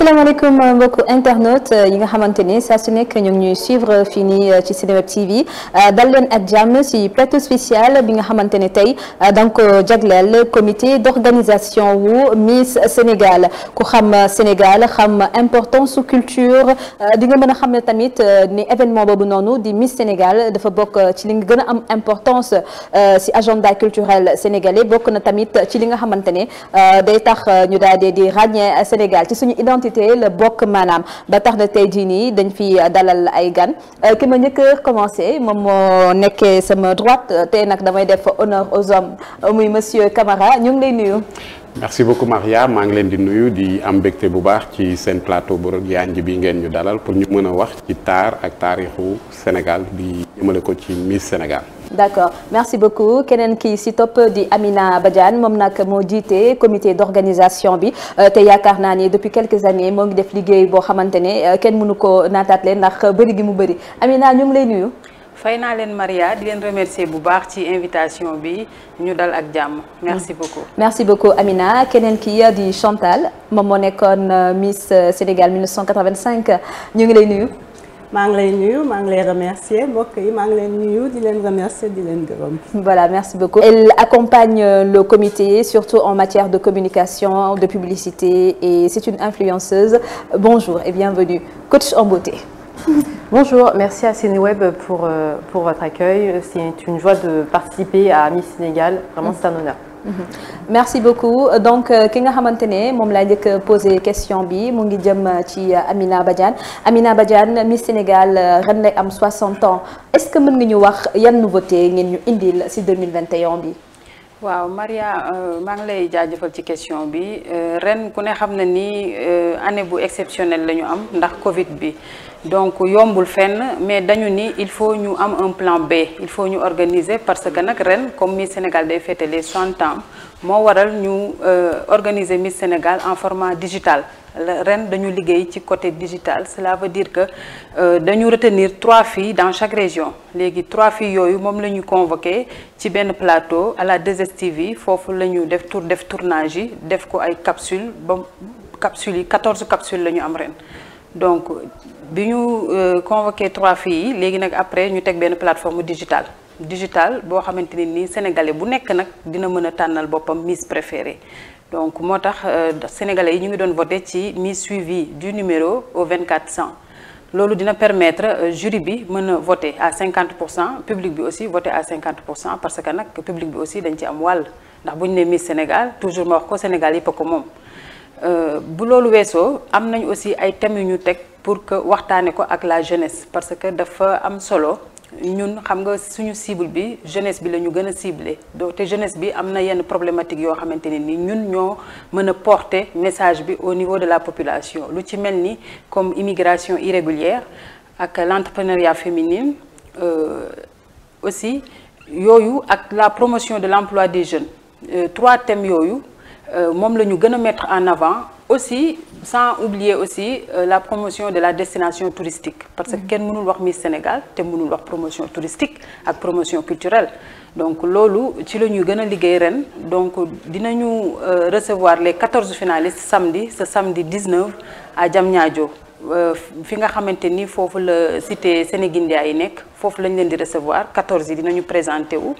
asalaamaaleykum euh, mbokku internautes euh, yi nga xamante ni saa su nekk ñu ngi suivre fii nii euh, ci Seneweb TV dal leen ak jàmm si plateau spécial bi nga xamante ne tey da nga ko jagleel comité d'organisation wu Miss Sénégal ku xam Sénégal xam importance su culture di nga mën a xam ne tamit ni événement boobu noonu di Miss Sénégal dafa bokk ci li nga gën a am importance si agenda culturel sénégalais bokk na tamit ci li nga xamante ne day tax ñu daal di ràññee Sénégal identité la bokk maanaam ba tax na tey jii nii dañ fi dalal ay gan euh, ki ma njëkk a commencé moom moo nekkee sama droite tey nag damay def honneur aux hommes muy monsieur Camara ñu ngi lay nuyu. merci beaucoup Maria maa ngi leen di nuyu di am mbégte bu baax ci seen plateau bu yanj bi ngeen ñu dalal pour ñu mën a wax ci taar ak taarixu Sénégal di jëmale ko ci Miss Sénégal. d'accord merci beaucoup keneen kii si topp di Amina Badiane moom nag moo jiite comité d'organisation bi euh, te yaakaar naa ni depuis quelques années moo ngi def liggéey boo xamante ne euh, kenn mënu ko naataat ndax bëri gi mu bëri Amina ñu ngi lay nuyu. fay naa leen Maria di leen remercier bu baax ci invitation bi ñu dal ak jàmm merci beaucoup. merci beaucoup Amina keneen kii di Chantal moom moo nekkoon euh, Miss euh, Sénégal 1985 ñu ngi lay nuyu. maa ngi lay nuyu maa ngi mbokk yi maa ngi leen nuyu leen remercier di leen gërëm. voilà merci beaucoup. elle accompagne euh, matière de communication de publicité et c'est une influenceuse bonjour et bienvenue coach en Bonjour, merci à CNeWeb pour, euh, pour votre accueil. C'est une joie de participer à Miss Sénégal. Vraiment, c'est honneur. Mhm. merci beaucoup donc euh, ki nga xamante ne moom laa njëkk posé question bi mu ngi jëm ci euh, Amina Badiane Amina Badiane mi Sénégal ren lay am 60 ans est-ce que mën nga ñu wax yan nouveauté ngeen ñu indil si 2021 bi. waaw Maria euh, maa ngi lay jaajëfal ci question bi euh, ren ku ne xam na ni euh, année bu exceptionnel la ñu am ndax Covid bi donc yombul fenn mais dañu ni il faut ñu am un plan B il faut ñu organiser parce que nag ren comme Miss Sénégal day fêter les 60 ans. moo waral ñu euh, organiser Miss Sénégal en format digital ren dañu liggéey ci côté digital cela veut dire que euh, dañu retenir trois filles dans chaque région léegi trois filles yooyu moom la ñu convoqué ci benn plateau à la 2 yi foofu la ñu def tour def tournage yi def ko ay capsule ba capsules yi quatorze capsules la ñu am ren donc bi ñu euh, convoqué trois filles yi léegi nag après ñu teg benn plateforme digitale digital boo xamante ne nii sénégalais bu nekk nag dina mën a tànnal boppam Miss préférée donc moo tax euh, sénégalais yi ñu ngi doon voté ci Miss suivi du numéro au vingt cent loolu dina permettre euh, jury bi mën a voté à 50 pour cent public bi aussi voté à 50 cent parce que nag public bi aussi dañ ci am wàll ndax bu ñu nee Miss Sénégal toujours ma wax ko Sénégal yëpp a ko moom. Euh, bu loolu weesoo am nañ aussi ay thèmes yu ñu teg pour que waxtaane ko ak la jeunesse parce que dafa am solo ñun xam nga suñu cible bi jeunesse bi la ñu gën a ciblé donc te jeunesse bi am na yenn problématique yoo xamante ne ni ñun ñoo mën a porter message bi au niveau de la population lu ci mel ni comme immigration irrégulière ak l'entrepreneuriat féminin euh, aussi yooyu ak la promotion de l'emploi des jeunes euh, trois thèmes yooyu euh, moom la ñu gën a mettre en avant aussi sans oublier aussi euh, la promotion de la destination touristique parce que mm-hmm. kenn mënul wax Miss Sénégal te mënul wax promotion touristique ak promotion culturelle donc loolu ci la ñuy gën a liggéey ren donc dina dinañu euh, recevoir les quatorze finalistes samedi ce samedi 19 à Diamniadio euh, fi nga xamante ni foofu la cité Sénégindia yi nekk foofu lañ leen di recevoir quatorze yi dinañu présenté wu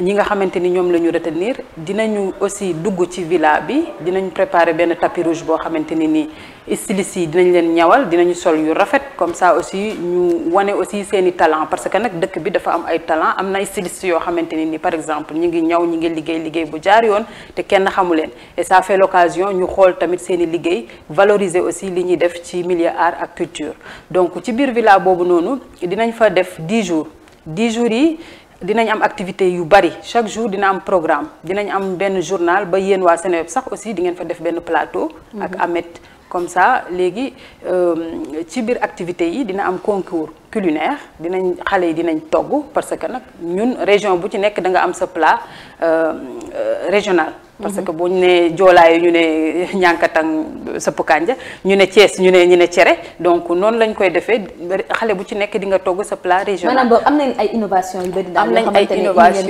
ñi nga xamante ni ñoom lañu ñu dina ñu aussi dugg ci villa bi dinañ préparer benn tapis rouge boo xamante ni nii stylistes yi dinañ leen ñawal dinañu sol yu rafet comme ça aussi ñu wane aussi seen i talent parce que nag dëkk bi dafa am ay talent am na ay stylistes yoo xamante ni par exemple ñu ngi ñaw ñi ngi liggéey liggéey bu jaar yoon te kenn xamu leen et ça fait l'occasion ñu xool tamit seen i liggéey valoriser aussi li ñuy def ci millier art ak culture donc ci biir villa boobu noonu dinañ fa def 10 jours 10 jours yi dinañ am activité yu bari chaque jour dina am programme dinañ am benn journal ba yéen waa Seneweb sax aussi di ngeen fa def benn plateau. ak mhm. Ameth comme ça léegi euh, ci biir activités yi dina am concours culinaire dinañ xale yi dinañ togg parce que nag ñun région bu ci nekk da nga am sa plat euh, euh, régional. parce que bu ñu nee joolaayu ñu ne ñànkatang sëpp kànja ñu ne Thiès ñu ne ñu ne cere donc noonu lañ koy defee xale bu ci nekk di nga togg sa plat régional. maanaam boobu am nañ ay innovation yu bëri daal am nañ ay innovation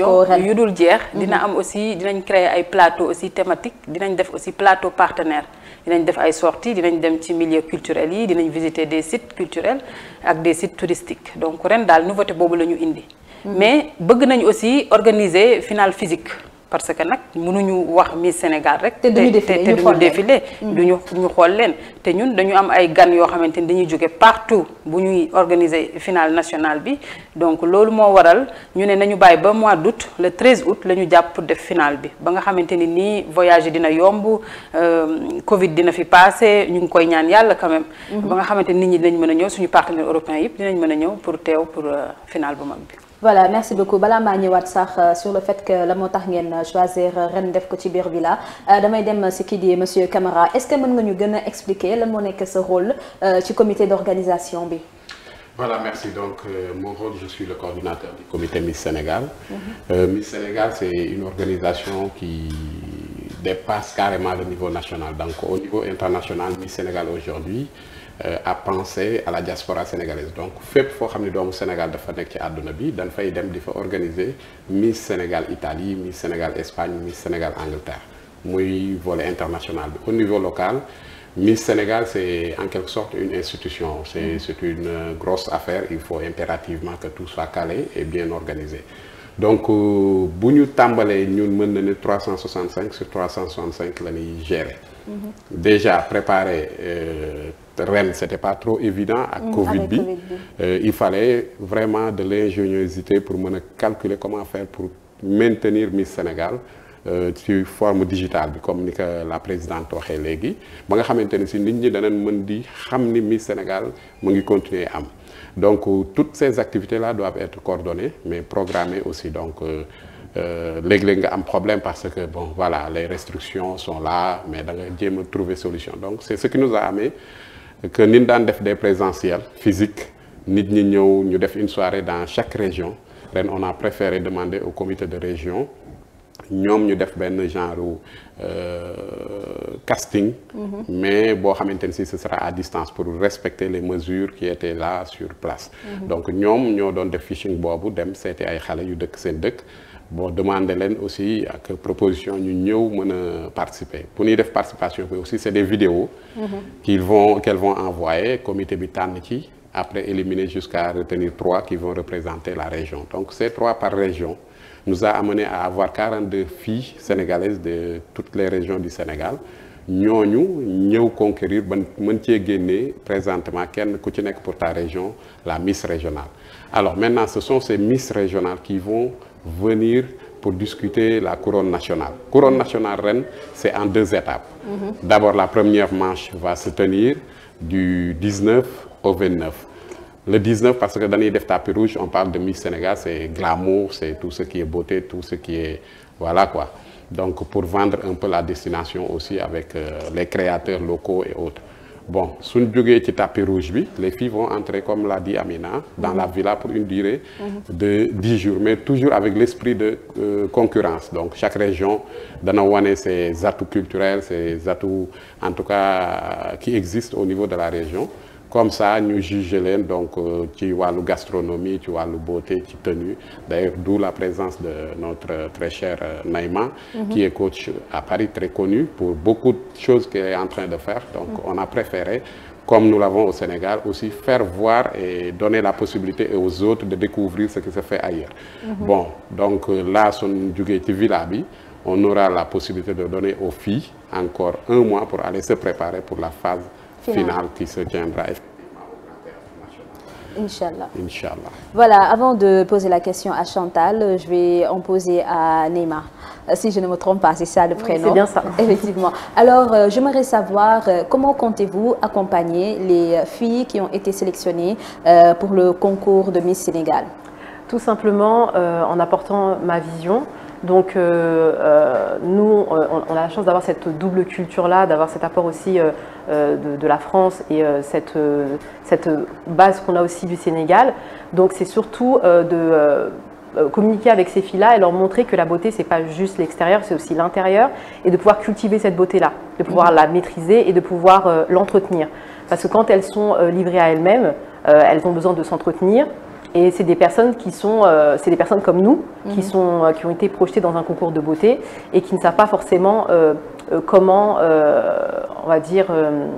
yu dul jeex. Mhm. dina am aussi dinañ créer ay plateau aussi thématique dinañ def aussi plateau partenaire dinañ def ay sorti dinañ dem ci milieu culturel yi dinañ visiter des sites culturels ak des sites touristiques donc ren daal nouveauté boobu la ñu indi. Mhm. mais bëgg nañu aussi organiser finale physique. parce que nag mënuñu wax Miss Sénégal rek. te duñu défilé te duñu défilé. Mm. duñu ñu xool leen te ñun dañu am ay gan yoo xamante ni dañuy jóge partout bu ñuy organiser finale nationale bi donc loolu moo waral ñu ne nañu bàyyi ba mois d' le 13 août la ñu jàpp def finale bi ba nga xamante ni nii voyage dina yomb euh, Covid dina fi passé ñu ngi koy ñaan yàlla quand même. Mm-hmm. ba nga xamante nit ñi dinañ mën a ñëw suñu partenaires européens yëpp dinañ mën a ñëw pour teew pour euh, finale bu mag bi. voilà merci beaucoup balaa maa ñëwaat sax euh, sur le fait la moo tax ngeen euh, choisir euh, ren def ko ci biir villa damay dem si kii di monsieur Camara est-ce que mën nga ñu gën a lan moo nekk sa rôle ci comité d'organisation bi. voilà merci donc euh, mon Miss Sénégal. Mm -hmm. euh, Miss Sénégal c'est une organisation qui dépasse carrément le niveau national donc au niveau international Miss Sénégal aujourd'hui Euh, à penser à la diaspora sénégalaise donc fépp foo xam ne doomu Sénégal dafa nekk ci àdduna bi dañ fay dem di fa organiser Miss Sénégal Italie Miss Sénégal Espagne Miss Sénégal Angleterre muy volet international bi au niveau local Miss Sénégal c'est en quelque sorte une institution c'est mm. c'est une euh, grosse affaire il faut impérativement que tout soit calé et bien organisé donc euh, bu ñu tàmbalee ñun mën na ne 365 sur 365 la ñuy gérer mm-hmm. déjà préparer ren c'était pas trop évident mm, ak Covid bi euh, il fallait vraiment de l'ingéniosité pour mën a calculer comment faire pour maintenir Miss Sénégal euh, ci euh, forme digitale bi comme ni ko la présidente waxee léegi ba nga xamante ne si nit ñi danañ mën di xam ni Miss Sénégal mu ngi continuer am donc toutes ces activités la doivent être coordonnées mais programmées aussi donc euh, léeg-léeg nga am problème parce que bon voilà les restrictions sont là mais da nga jéem a trouver solution donc c'est ce que nin daan def des présentiels physiques nit ñi ñëw ñu def une soirée dans chaque région ren on a préféré demandé au comité de région ñoom ñu def benn genre euh, casting mm-hmm. mais boo xamante ne si ce sera à distance pour respecter les mesures qui étaient là sur place mm-hmm. donc ñoom ñoo doon def fishing boobu dem seeti ay xale yu dëkk seen dëkk bon demandé leen aussi ak proposition ñu ñëw mën a participer pour ñuy def participation bi aussi c' des vidéos mm-hmm. qu'ils vont qu'elles vont envoyer comité bi tànn ci après éliminer jusqu'à retenir trois qui vont représenter la région donc ces trois par région nous a amené à avoir 42 filles sénégalaises de toutes les régions du Sénégal ñooñu ñëw conquérir ba mën cee génnee présentement kenn ku ci nekk pour ta région la Miss régionale alors maintenant ce sont ces Miss régionales venir pour discuter la couronne nationale. Couronne nationale Rennes, c'est en deux étapes. Mmh. D'abord, la première manche va se tenir du 19 au 29. Le 19, parce que dans les tapis rouge, de Miss Sénégal, c'est glamour, c'est tout tout ce qui Voilà quoi. Donc, pour vendre un peu la aussi avec euh, les créateurs locaux et bon suñ jógee ci tapis rouge bi les filles vont entrer comme l'a dit Amina dans mmh. la villa pour une durée de dix jours mais toujours avec l'esprit de euh, concurrence donc chaque région dana wane ses atouts culturels ses atouts en tout cas qui existent au niveau de la région comme ça ñu juger leen donc euh, ci wàllu gastronomie ci wàllu beauté ci tenue d'ailleurs d'où la présence de notre très cher euh, Naïma mm qui est coach à Paris très connu pour beaucoup de choses qu'elle est en train de faire donc mm comme nous l'avons au Sénégal aussi faire voir et donner la possibilité aux autres de découvrir ce qui se fait ailleurs mhm. bon donc euh, là suñu jógee ci villa bi on aura la possibilité de donner aux filles encore un mois pour aller se préparer pour la phase finale qui se tiendra Inch'Allah. Inch'Allah. Voilà, avant de poser la question à Chantal, je vais en poser à Neymar. Euh, si je ne me trompe pas, c'est ça le prénom. Oui, c'est bien ça. Effectivement. Alors, euh, j'aimerais savoir euh, comment comptez-vous accompagner les filles qui ont été sélectionnées euh, pour le concours de Miss Sénégal Tout simplement euh, en apportant ma vision, Donc euh, euh nous, on, a la chance d'avoir cette double culture-là, d'avoir cet apport aussi euh, euh de, de, la France et euh, cette, euh, cette base qu'on a aussi du Sénégal. Donc c'est surtout de communiquer avec ces filles-là et leur montrer que la beauté, c'est pas juste l'extérieur, c'est aussi l'intérieur, et de pouvoir cultiver cette beauté-là, de pouvoir mmh. la maîtriser et de pouvoir l'entretenir. Parce que quand elles sont livrées à elles-mêmes, elles ont besoin de s'entretenir, Et c'est des personnes qui sont, euh, c'est des personnes comme nous, mmh. qui, mhm. sont, euh, qui ont été projetées dans un concours de beauté et qui ne savent pas forcément euh, euh comment, euh, on va dire, euh,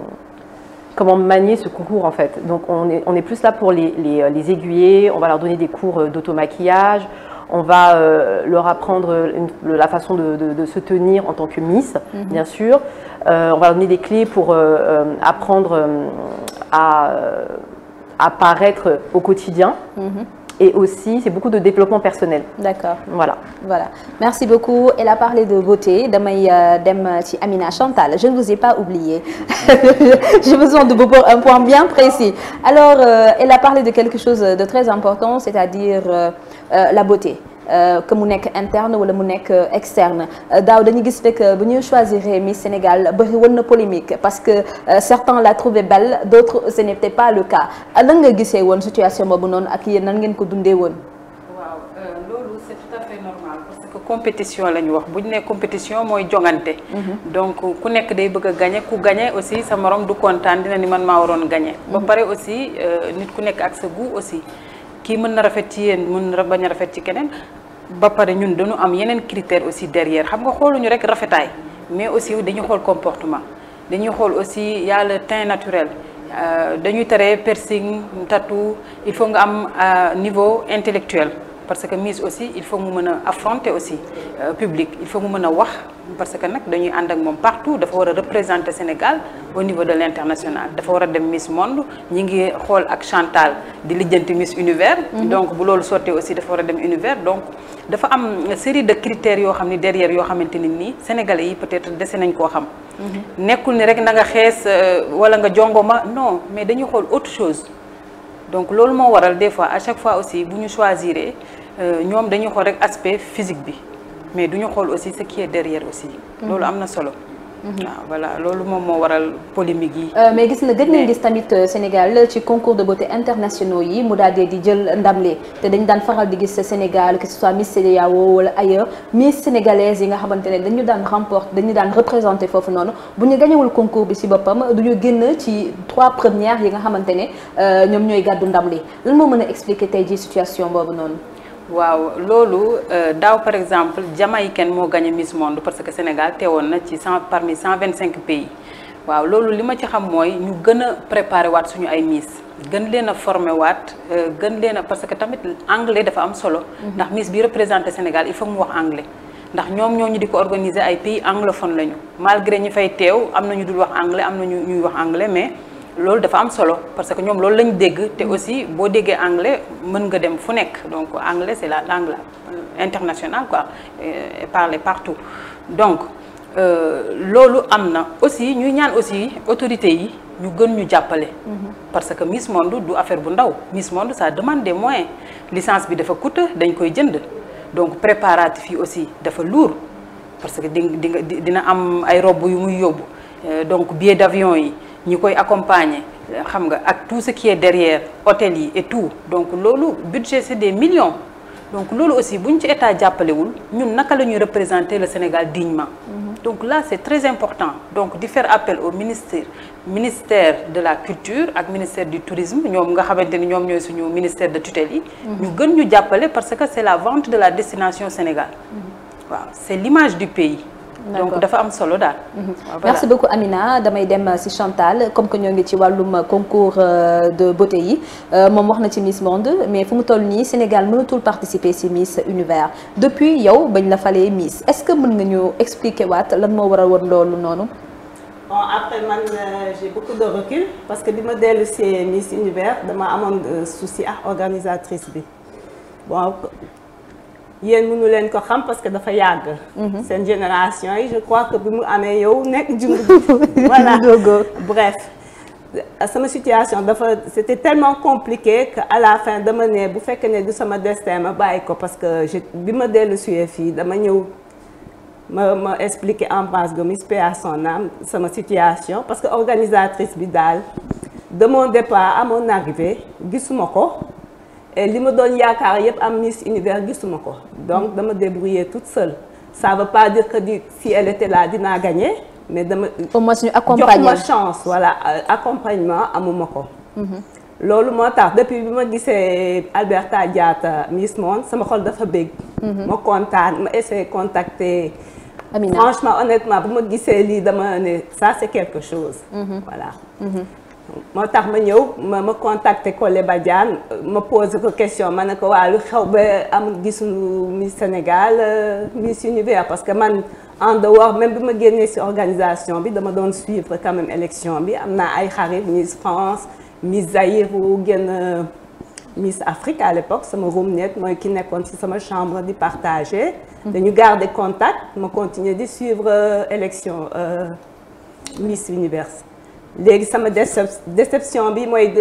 comment manier ce concours en fait. Donc on est, on est plus là pour les, les, les aiguiller, on va leur donner des cours d'automaquillage, on va euh, leur apprendre une, la façon de, de, de, se tenir en tant que Miss, mm -hmm. bien sûr. Euh, on va leur donner des clés pour euh, apprendre à apparaître au quotidien. Mm -hmm. Et aussi, c'est beaucoup de développement personnel. D'accord. Voilà. Voilà. Merci beaucoup. Elle a parlé de beauté. Damay euh, dem ci Amina Chantal. Je ne vous ai pas oublié. J'ai besoin de pour un point bien précis. Alors, euh, elle a parlé de quelque chose de très important, c'est-à-dire euh, euh la beauté. Euh, que mu nekk interne wala mu nekk euh, externe euh, daaw dañu gis rek bu ñuy choisir Miss Sénégal bëri woon na polémique parce que certains la trouvaient belle d'autres ce n'était pas le cas lan nga gisee woon situation boobu noonu ak yéen ngeen ko dundee woon. compétition la ñu wax bu ñu nee compétition mooy jongante. Mhm. donc ku nekk day bëgg a gagner ku gagner aussi sa moroom du kontaan dina ni man maa waroon gagner. ba mhm. pare aussi nit ku nekk ak sa goût aussi. kii mën na rafet ci yéen mën na bañ a rafet ci keneen ba pare ñun dañu am yeneen critères aussi derrière xam nga xooluñu rek rafetaay mais aussi dañuy xool comportement dañuy xool aussi yàlla a le teint naturel euh, dañuy tere piercing tatou il faut nga am euh, niveau intellectuel parce que mise aussi il faut mu mën a affronter aussi euh, public il faut mu mën a wax parce que nag dañuy ànd ak moom partout dafa war a représenter Sénégal au niveau de l'international dafa war a dem Miss Monde ñi ngi xool ak Chantal di lijjanti Miss Univers mhm. donc bu loolu sottee aussi dafa war a dem Univers donc dafa am série de critères yoo xam ni derrière yoo xamante ni nii Sénégalais yi peut-être dese nañ koo xam mhm. nekkul ni rek nanga nga xees euh, wala nga jongoma non mais dañuy xool autre chose donc loolu moo waral des fois à chaque fois aussi bu ñu choisir euh, ñoom dañuy xool rek aspect physique bi mais du ñu xool aussi ce qui est derrière aussi. Mm-hmm. loolu am na solo. waaw mhm. ah, voilà loolu moom moo waral polémique yi. Euh, mais gis na gëj nañ gis tamit euh, Sénégal ci concours de beauté internationaux yi mu daal di jël ndam li te dañ daan faral di gis sa Sénégal que ce soit Miss CEDEAO wala ailleurs Miss sénégalaise yi nga xamante ne dañu daan remporte dañu daan représenté foofu noonu bu ñu gañewul concours bi si boppam du ñu génn ci trois premières yi nga xamante ne euh, ñoom ñooy gàddu ndam li lan moo mën a expliquer tey ji situation boobu noonu. waaw loolu euh, daaw par exemple kenn moo gagné Miss Monde parce que Sénégal teewoon na ci cent parmi cent vingt cinq pays waaw loolu li ma ci xam mooy ñu gën a préparé waat suñu ay miis gën leen a formé waat euh, gën leen a parce que tamit anglais dafa am solo. Mhm. ndax miss bi représenté Sénégal il faut mu wax anglais. ndax ñoom ñooñu di ko organiser ay pays anglophone lañu malgré ñi fay teew am na ñu dul wax anglais am na ñu ñuy wax anglais mais. loolu dafa am solo parce que ñoom loolu lañ dégg te aussi boo déggee anglais mën nga dem fu nekk donc anglais c'est la langue internationale quoi parler partout donc euh, loolu am na aussi ñuy ñaan aussi autorités yi ñu gën ñu jàppale mhm. parce que Miss Monde du affaire bu ndaw Miss Monde ça demande des moyens licence bi dafa coûteux dañ koy jënd donc préparatif yi aussi dafa luur parce que di di dina am ay robb yu muy yóbbu Euh, donc billet d'avion yi ñi koy accompagner xam nga ak tout ce qui est derrière hôtel yi et tout donc loolu budget c'est des millions donc loolu aussi bu ñu ci état jàppalewul ñun naka la ñuy représenter le Sénégal dignement mhm. donc la c'est très important donc di faire appel au ministère ministère de la culture ak ministère du tourisme ñoom nga xamante ni ñoom ñooy suñu ministère de tutelle yi mhm. ñu gën ñu jàppale parce que c'est la vente de la destination Sénégal mhm. waaw donc dafa am solo daal. Mhm. merci beaucoup Amina damay dem euh, si Chantal comme que ñoo ngi ci wàllum euh, concours euh, de beauté yi moom wax na ci Miss Monde mais fu mu toll nii Sénégal mënatul participer si Miss Univers depuis yow bañ la falee Miss est-ce que mun nga ñu expliquer waat lan moo waral woon loolu noonu. après man euh, j'ai beaucoup de recul parce que li ma dellu si Miss Univers dama amoon souci ak ah, organisatrice bi bon. yéen mënu leen ko xam parce que dafa yàgg. Mhm. seen génération yi je crois que bi mu amee yow nekk junng voilà bref sama situation dafa c'était tellement compliqué que à la fin dama ne bu fekkee ne du sama destin ma bàyyi ko parce que je bi ma dellu suyee fii dama ñëw ma ma expliquer en base Gomis paix à son âme sama situation parce que organisatrice bi daal de mon départ à mon arrivée gisuma ko et li ma doon yaakaar yëpp am Miss Univers gisuma ko donc dama débrouiller toute seule ça veut pas dire que di si elle était là dinaa gagné mais dama au moins ñu accompagner jox ma chance voilà euh, accompagnement amuma ko mhm. loolu moo tax depuis bi ma gisee Alberta Diatta Miss Monde sama xol dafa bég mhm. ma kontaan ma essayé contacter Amina franchement honnêtement bu ma gisee lii dama ne ça c'est quelque chose mhm. voilà mm -hmm. moo tax ma ñëw ma ma kole Collé Badiane ma posé ko question ma ne ko waa lu xew ba am gisuñu Miss Sénégal euh, Miss Univers parce que man en dehors même bi ma génnee ci organisation bi dama doon suivre quand même élection bi am naa ay xarit Miss France Miss Zaïre wu génn euh, Miss Afrique à l'époque sama roommate mooy ki nekkoon ci sama chambre di partager hmm. dañu garder contact ma continuer di suivre euh, élection Miss Univers léegi sama déception bi mooy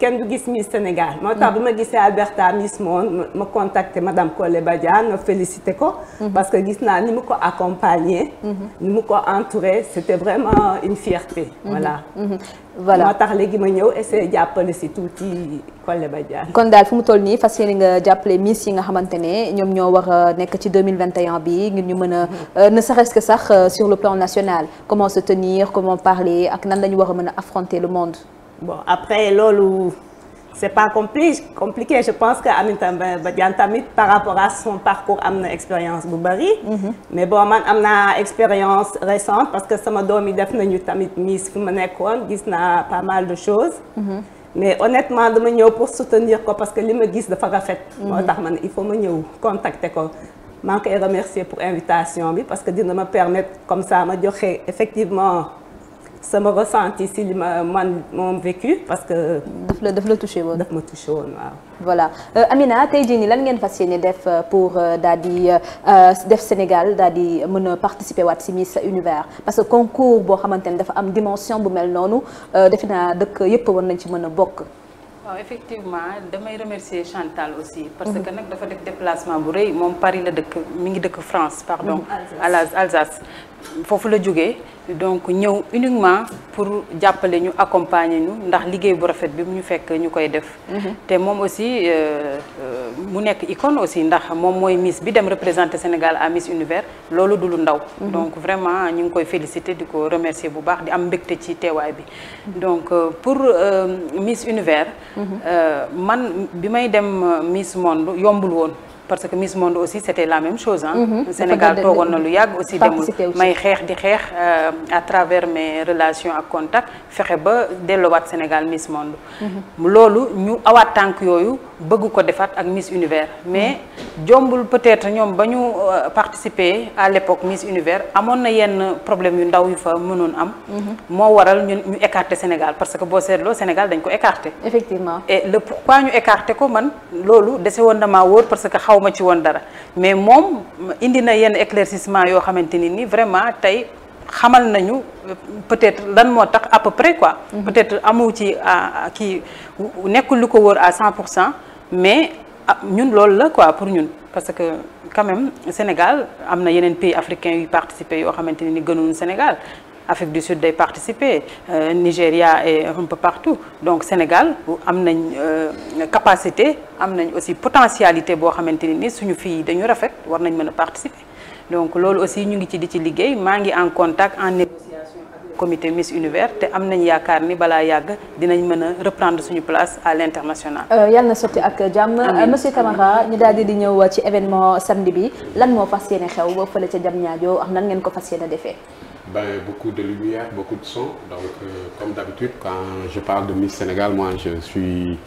kenn du gis Miss Sénégal moo tax mm. bu ma gisee Alberta Miss Monde ma contacté madame Collé Badiane ma félicité ko mm-hmm. parce que gis naa ni mu ko accompagné mm-hmm. ni mu ko entouré c'était vraiment une fierté mm-hmm. voilà voilà moo tax léegi ma ñëw essayer jàppale si kon daal fu mu toll nii fas yéene nga jàppale miss yi nga xamante ne ñoom ñoo war a nekk ci bi ngir ñu mën a mm-hmm. euh, ne serait-ce que sax euh, sur le plan national comment se tenir comment parler ak nan la ñu war a mën a affronter le monde. après loolu. c'est pas compli compliqué je pense que Aminata euh, Badiane tamit par rapport à son parcours am na expérience bu bëri mhm. mais bon man am naa expérience récente parce que sama doom yi def nañu tamit miss fu ma nekkoon gis naa pas mal de choses mm -hmm. mais honnêtement dama ñëw pour soutenir ko parce que li ma gis dafa rafet moo tax man il faut ma ñëw contacter ko maa ngi koy remercier pour invitation bi parce que dina ma permettre comme ça ma joxe effectivement sama ressenti si li ma man moom vécu parce que. daf la daf la touché woon. daf ma touché woon waaw. voilà euh, Amina tey jii nii lan ngeen fas yéene def euh, pour euh, daal di def Sénégal daal di mën a participer waat si Miss Univers parce que concours boo xamante ne dafa am dimension bu mel noonu defe naa dëkk yëpp war nañ ci mën a bokk. waaw effectivement damay remercier Chantal aussi parce mhm. que nag dafa def déplacement bu rëy moom Paris la dëkk mi ngi dëkk France pardon mhm. Alsace Alsace foofu la jógee donc ñëw uniquement pour jàppale ñu accompagner ñu ndax liggéey bu rafet bi mu ñu fekk ñu koy def. Mhm. te moom aussi euh, euh, mu nekk icône aussi ndax moom mooy Miss bi dem représenté Sénégal à Miss Univers loolu du ndaw. Mhm. donc vraiment ñu ngi koy féliciter di ko remercier bu baax di am mbégte ci teewaay bi. Mhm. donc euh, pour Miss Univers. man bi may dem Miss Monde yombul woon. parce que Miss Monde aussi c'était la même chose ah. Sénégal toogoon na lu yàgg aussi demul may xeex di xeex euh, à travers mais relation ak contact fexe ba delloowaat Sénégal Miss Monde. Mhm. loolu ñu awaat tànk yooyu bëgg ko defaat ak Miss Univers mais mhm. jombul peut-être ñoom ba ñu euh, participer à l'époque Miss Univers amoon na yenn problème yu ndaw yu fa mënoon am. moo waral ñu ñu écarter Sénégal parce que boo seetloo Sénégal dañ ko écarter. effectivement et le pourquoi ñu écarter ko man xaw ma ci woon dara mais moom indi na yenn éclaircissement yoo xamante ni nii vraiment tey xamal nañu euh, peut-être lan moo tax à peu près quoi. Mhm. peut-être amu ci euh, kii nekkul lu ko wóor à 100 pour cent mais ah, ñun loolu la quoi pour ñun parce que quand même Sénégal am na yeneen pays africains yu participer yoo xamante ni gënuñu Sénégal Afrique du Sud day participer euh, Nigéria et un partout donc Sénégal am nañ euh, capacité am nañ aussi potentialité boo xamante ne ni suñu fii dañu rafet war nañ mën a participer donc loolu aussi ñu ngi ci di ci liggéey maa ngi en contact en négociation ak comité Miss Univers te am nañ yaakaar ni balaa yàgg dinañ mën a reprendre suñu place à l'international. Euh, yàlla na sotti ak jàmm. Euh, monsieur Camara ñu daal di di ñëw ci événement samedi bi lan moo fas yéene xew ba fële ca jam ñaajo ak nan ngeen ko fas yéene defee. ben, beaucoup de lumière, beaucoup de son. Donc, euh, d'habitude, quand je parle de Miss Sénégal, moi, je suis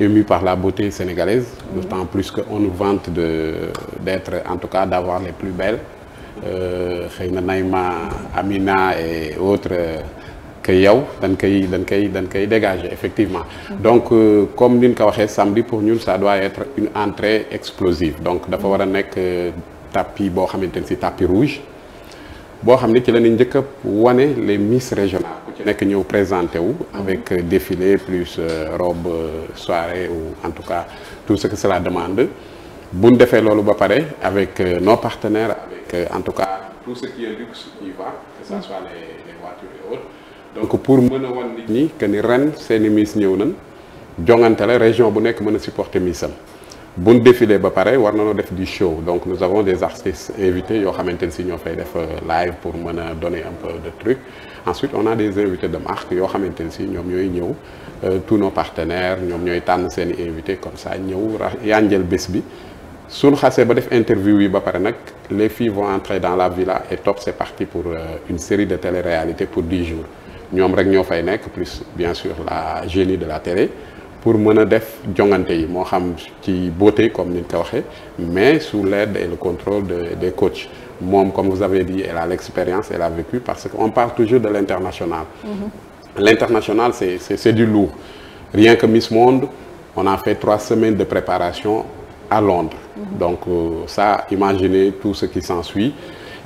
ému par la beauté sénégalaise, mmh. d'autant plus qu'on nous vante d'être, en tout cas, d'avoir les plus belles. Euh, na Naïma, Amina et autres euh, que yow dañ koy dañ koy dañ koy dégager effectivement mhm. donc euh, comme ni ñu ko waxee samedi pour ñun ça doit être une entrée explosive donc dafa mhm. war a nekk tapis boo xamante ne si tapis rouge boo xam ne ci la ñuy njëkk a wane les miss régional bu ci nekk ñëw présenté wu avec mhm. défilé plus euh, robe euh, soirée ou en tout cas tout ce que la demande bu defee loolu ba pare avec euh, nos partenaires avec en tout cas tout ce qui est luxe y va que ça mhm. soit les donc pour mën a wan nit ñi que ni ren seeni miss ñëw nañ jongante la région bu nekk mën a supporter missam buñ défilé ba pare war na nañoo def du show donc nous avons des artistes invités yoo xamante ne si ñoo fay def euh, live pour mën a donner un peu de truc ensuite on a des invités de marque yoo xamante ne si ñoom ñooy ñëw euh, tous nos partenaires ñoom ñooy tànn seen i invités comme ça ñëw yanjël bés bi suñu xasee ba def interview yi ba pare nag les filles von entrer dans la villa et top c'est parti pour euh, une série de télé-réalité pour 10 jours ñoom rek ñoo fay nekk plus bien sûr la de la télé pour mën a def jongante yi moo xam ci beauté comme ni ñu ko waxee mais sous l'aide et le contrôle de des coachs moom comme vous avez dit elle a l'expérience elle a vécu parce que on parle toujours de l'international mm-hmm. l'international c'est c'est c'est du lourd rien que Miss Monde on a fait trois semaines de préparation à Londres mm-hmm. donc euh, ça imaginez tout ce qui s'ensuit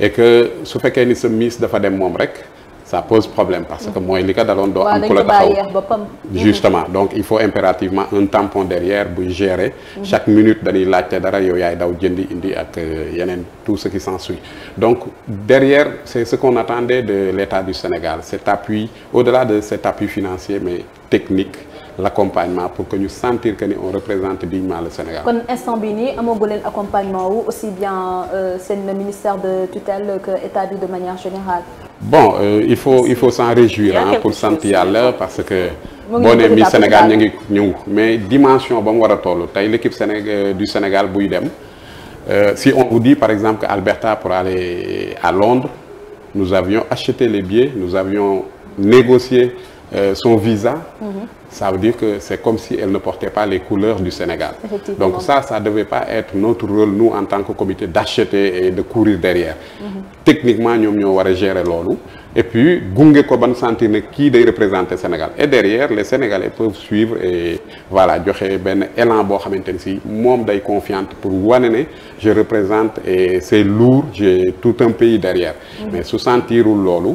et que su fekkee ni sa Miss dafa dem moom rek ça pose problème parce que mooy li ko daloon doo am ku la taxaw justement donc il faut impérativement un tampon derrière buy gérer mm-hmm. chaque minute dañuy laajte dara yow yaay daw jëndi indi ak euh, yeneen tout ce qui s'ensuit donc derrière c'est ce qu'on attendait de l'État du Sénégal cet appui au-delà de cet appui financier mais technique l'accompagnement pour que ñu sentir que ni on représente dignement le Sénégal. kon instant bi nii amagu leen accompagnement wu bon euh, il faut il faut s'en réjouir ah pour sant yàlla parce que boo ne mi Sénégal ñu ngi ñëw mais dimension ba mu war a toll tey l'équipe Sénégal euh, du Sénégal buy dem euh, si on vous dit par exemple que Alberta pour aller à Londres nous avions acheté les billets nous avions négocié euh, son visa mm-hmm. ça veut dire que c'est comme si elle ne portait pas les couleurs du Sénégal. Donc ça, ça devait pas être notre rôle, nous, en tant que comité, d'acheter et de courir derrière. Mm Techniquement, ñoom ñoo war a gérer loolu. et puis gunge ko ban sentir ne kii de représenter Sénégal et derrière les Sénégalais peuvent suivre et voilà joxe benn élan boo xamante ne si moom day confiante pour wane ne je représente et c'est lourd j'ai tout un pays derrière. Mhm. mais su sentirul loolu.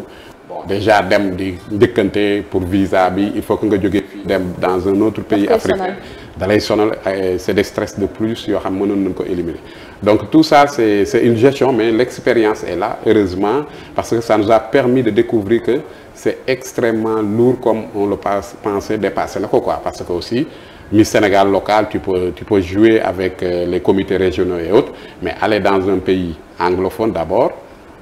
bon déjà dem di njëkkante pour visa bi il faut que nga jógee dem dans un autre pays africain da lay sonal c'est des stress de plus yoo xam mënoon nañ ko éliminer donc tout ça c'est c'est une gestion mais l'expérience est là heureusement parce que ça nous a permis de découvrir que c'est extrêmement lourd comme on le pensait dépasser la ko quoi parce que aussi Miss Sénégal local tu peux tu peux jouer avec euh, les comités régionaux et autres mais aller dans un pays anglophone d'abord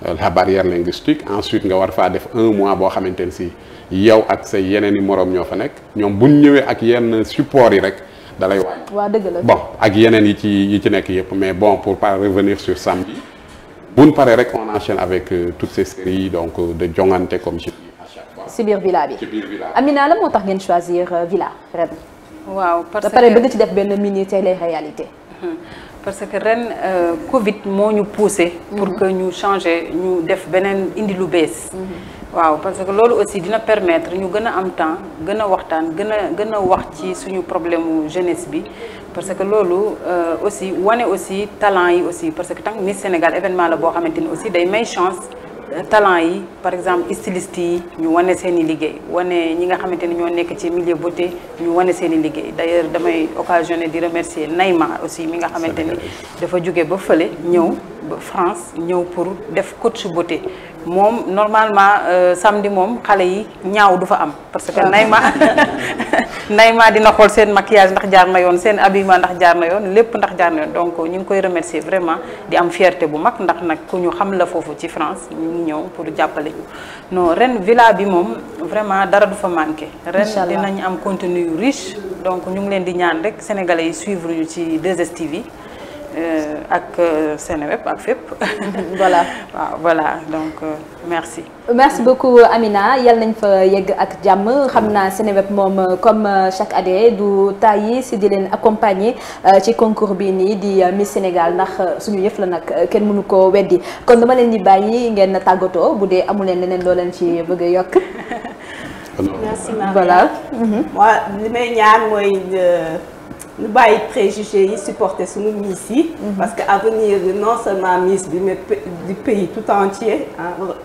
Euh, la barrière linguistique ensuite nga war faa def un mois boo xamante si yow ak say yeneen i moroom ñoo fa nekk ñoom bu ñu ñëwee ak yenn support yi rek da lay wàññi. waaw dëgg la bon ak yeneen yi ci yi ci nekk yëpp mais bon pour pas revenir sur samedi bu ñu paree rek on enchaîne avec euh, toutes ces séries donc euh, de jongante comme je dis ci biir villa bi ci biir villa Amina la moo tax ngeen choisir euh, villa ren. waaw pare bëgg ci def benn mini télé réalité. parce que ren euh, Covid moo ñu poussé. pour mhm. que ñu changer ñu def beneen indi lu bees. Mhm. waaw parce que loolu aussi dina permettre ñu gën a am temps gën a waxtaan gën a gën a wax ci suñu problème mu bi. parce que loolu euh, aussi wane aussi talent yi aussi parce que tant Miss Sénégal événement la boo xamante ni aussi day may chance. talent yi par exemple styliste yi ñu wane seeni liggéey wane ñi nga xamante ni ñoo nekk ci milieu beauté ñu wane seen i liggéey d'ailleurs damay occasionné di remercier Naïma aussi mi nga xamante ni dafa jóge ba fële ñëw ba France ñëw pour def coach beauté moom normalement euh, samedi moom xale yi ñaaw du fa am parce que ah. Naïma Naïma dina xool seen maquillage ndax jaar na yoon seen habillement ndax jaar na yoon lépp ndax jaar na yoon donc ñu ngi koy remercier vraiment di am fierté bu mag ndax nag ku ñu xam la foofu ci France ñu ñëw pour jàppale ñu non ren villa bi moom vraiment dara du fa manqué ren dinañ am contenu riche donc ñu ngi leen di ñaan rek sénégalais yi suivre ñu ci 2STV Euh, ak euh, Seneweb ak fépp. voilà waaw voilà donc euh, merci. merci beaucoup Amina yal nañ fa yegg ak jàmm xam naa Seneweb moom comme chaque année du tàyyi si di leen accompagner ci concours bii nii di Miss Sénégal ndax suñu yëf la nag kenn mënu ko weddi kon dama leen di yi ngeen tàggatoo bu dee amu leneen loo leen ci bëgg a yokk. voilà. waa li may ñaan mooy. ñu bàyyi préjugé yi supporter suñu Miss yi. parce que avenir non seulement Miss bi mais du pays tout entier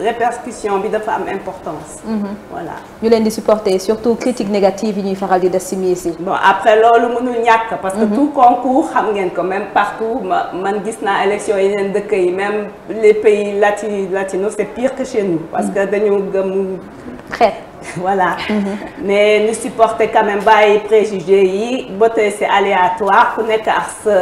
répercussion bi dafa am importance. Mhm. voilà ñu leen di supporter surtout critique négative yi ñuy faral di des ci Miss yi. bon après loolu mënul ñàkk parce que mhm. tout concours xam ngeen ko même partout ma man gis naa élection yeneen dëkk yi même les pays lati latino c'est pire que chez nous. parce mhm. que dañu gëm xeet. voilà. mais ñu supporter quand même bàyyi préjugés yi ba tey c'est aléatoire ku nekk ak sa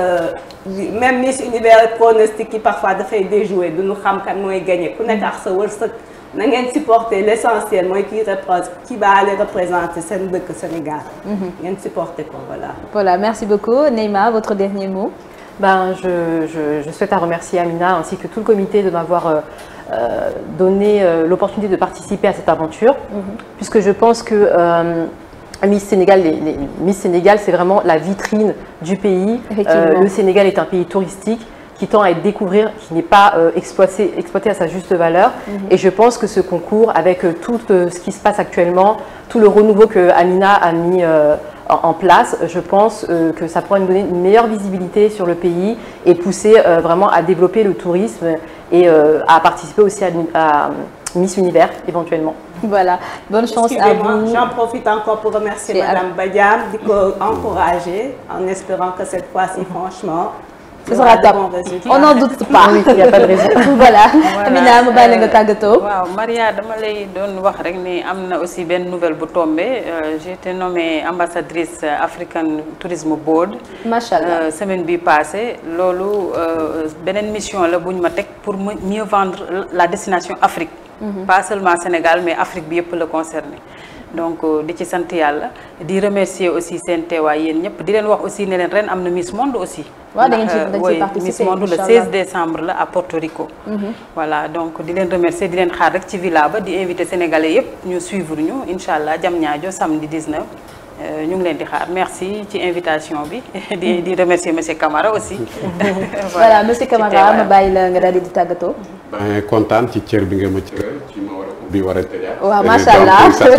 même Miss Univers pronostic yi parfois dafay déjouer du ñu xam kan mooy gagné ku nekk ak sa wërsëg na ngeen supporter l'essentiel mooy ki repre kii baa leen représenter seen dëkk Sénégal. Mhm. ngeen supporter ko voilà. voilà merci beaucoup Neyma votre dernier mot. ben, je, je, je, souhaite à remercier Amina ainsi que tout le comité de m'avoir euh, euh, donné euh, l'opportunité de participer à cette aventure, mhm. puisque je pense que euh, Miss Sénégal, les, les Miss Sénégal, c'est vraiment la vitrine du pays. le Sénégal est un pays touristique qui tend à être découvrir, qui n'est pas exploité, à sa juste valeur. Mhm. Et je pense que ce concours, avec tout ce qui se passe actuellement, tout le renouveau que a mis en, place, je pense euh, que ça prend une, une, meilleure visibilité sur le pays et pousser euh, vraiment à développer le tourisme et euh, à participer aussi à, à, euh, Miss Univers éventuellement. Voilà, bonne chance à vous. J'en profite encore pour remercier Madame Badiam, de encourager en espérant que cette fois-ci, mhm. franchement, ce sera top on n'en doute pas il y a pas ma bàyyi la nga tàggatoo. Euh, waaw Maria dama lay doon wax rek ne am na aussi benn nouvelle bu tombé euh, j'ai été nommée ambassadrice African Tourism Board. macha euh, semaine bi passée loolu beneen mission la bu ñu ma teg pour mieux vendre la destination Afrique. Mm-hmm. pas seulement Sénégal mais Afrique bi yëpp la concerné. donc euh, di ci sant yàlla di remercier aussi seen teewaay yéen ñëpp di leen wax aussi ne leen ren am na Miss Monde aussi. waaw da ngeen euh, Miss Monde le 16 décembre la à Porto Rico. Mhm. voilà donc di leen remercier di leen xaar rek ci villa ba di invité sénégalais yëpp ñu suivre ñu incha allah jam ñaajo samedi 19. Euh, ñu ngi leen di xaar merci ci invitation bi. di di remercier monsieur Camara aussi. voilà monsieur Camara ma bàyyi la nga daal di tàggatoo. kontaan ci cër bi bi war a tëjee. waaw macha allah se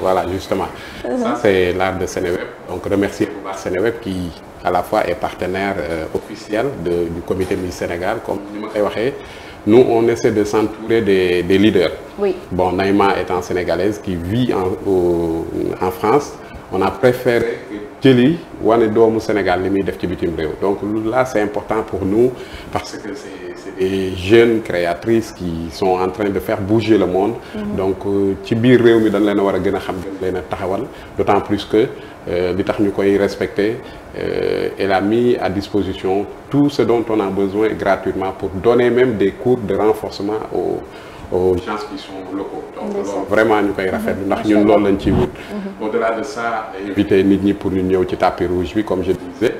voit art de Seneweb donc remercier bu baax Seneweb qui à la fois est partenaire euh, officiel de du comité Miss Sénégal comme ni ma koy waxee. nous on essaie de s'entourer des des leaders. bon Naïma étant sénégalaise qui vit en au, en France on a préféré jëli wane doomu Sénégal li muy def ci bitim réew donc là c'est important pour nous et jeunes créatrices qui sont en train de faire bouger le monde. Mhm. donc euh, ci biir réew mi dañ leen a war a gën a xam gën leen a taxawal d'autant plus que euh, li tax ñu koy respecter euh, elle a mis à disposition tout ce dont on a besoin gratuitement pour donner même des cours de renforcement aux. aux gens qui sont locaux. donc vraiment ñu koy rafetlu ndax ñun loolu lañ ci wut. Mhm. au nit ñi pour ñu ñëw ci tapis rouge bi comme je disais.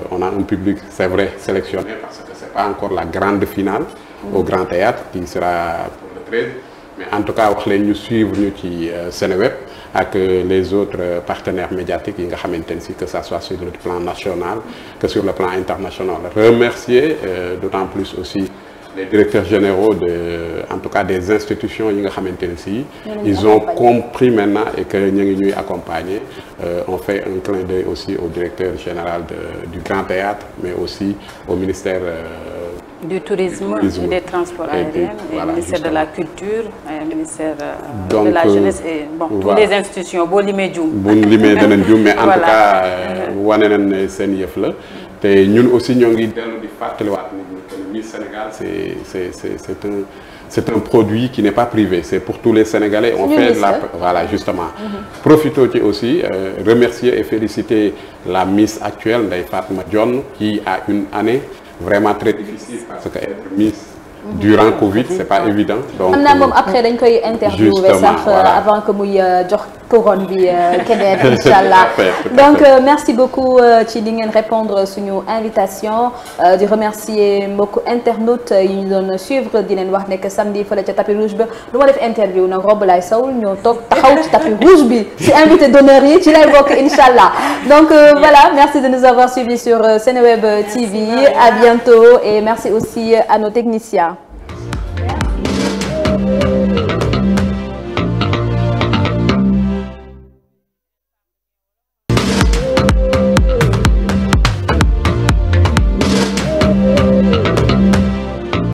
Euh, on a un public, c'est vrai, parce que ce pas encore la grande finale mmh. au Grand Théâtre qui sera pour le 13. Mais en tout cas, nous nous suivre nous qui euh, Sénéweb avec euh, les autres partenaires médiatiques, que ce soit sur le plan national que sur le plan international. Remercier euh, d'autant plus aussi les directeurs généraux de en tout cas des institutions yi nga xamante ne si ils ont compris maintenant et que ñu ngi ñuy accompagner euh, on fait un clin d'œil aussi au directeur général de, du Grand Théâtre mais aussi au ministère euh, du tourisme, du tourisme des transports aériens voilà, Donc, de la euh, euh, jeunesse les institutions boo limee juum bu limee danañ juum mais en tout cas euh, wane nañ ne seen yëf la te ñun aussi ñoo ngi dellu di du Sénégal, c'est un, un produit qui n'est pas privé. C'est pour tous les Sénégalais. On fait la... Voilà, justement. Mm -hmm. Profitons aussi, euh, remercier et féliciter la Miss actuelle, Ndaï Fatma John, qui a une année vraiment très difficile parce qu'être Miss mm-hmm. durant Covid, c'est pas évident. Donc, euh, après, euh, justement, voilà. avant que nous couronne bi keneen euh, incha donc euh, merci beaucoup euh, ci li ngeen répondre suñu invitation di remercier mbokku internautes yi ñu doon suivre di leen wax nekk samedi fële ca tapis rouge ba lu ma def interview nag rob ñoo toog taxaw ci bi ci invité d'honneur yi ci lay bokk incha allah donc voilà merci de nous avoir suivis sur Seneweb TV à bientôt et merci aussi à nos techniciens